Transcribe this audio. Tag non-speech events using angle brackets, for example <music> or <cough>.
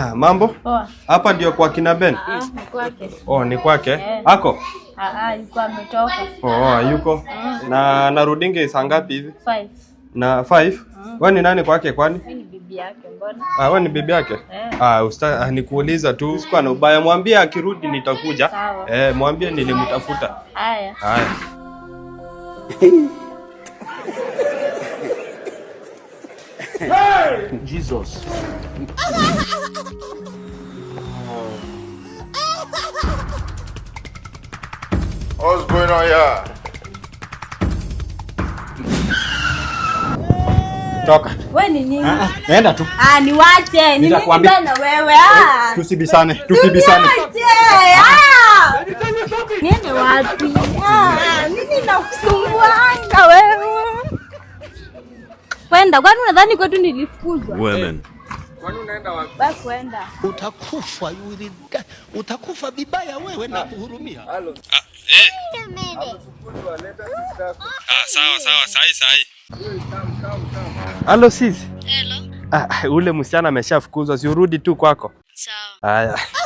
Aha, mambo hapa ndio kwa kina Ben. Ah, ah, kwake. Oh, ni kwake yeah. ako ah, yuko ametoka. oh, yuko mm. na narudinge saa ngapi hivi na five? Mm. Wewe ni nani kwake kwani? Wewe ni bibi yake mbona? Ah, wewe ni bibi yake? Yeah. Ah, usta ah, ni kuuliza tu sikuwa na ubaya, mwambie akirudi nitakuja. Eh, mwambie nilimtafuta. Haya. Haya. <laughs> Jesus. What's going on here? Toka. Wewe ni nini? Ah, ah. Nenda tu. Ah, niwache. Ni wewe. Ah. Tusibisane, tusibisane. Ah. wapi? Ah, nakusumbua kwenda. Kwani unadhani kwetu nilifukuzwa? Women. Kwani unaenda wapi? Basi kwenda. Utakufa, you will die. Utakufa vibaya wewe na kuhurumia. Hello. Ah, eh. Ah, sawa sawa, sahi sahi. Halo sisi. Hello. Ah, ule msichana ameshafukuzwa, si urudi tu kwako. Sawa. Haya.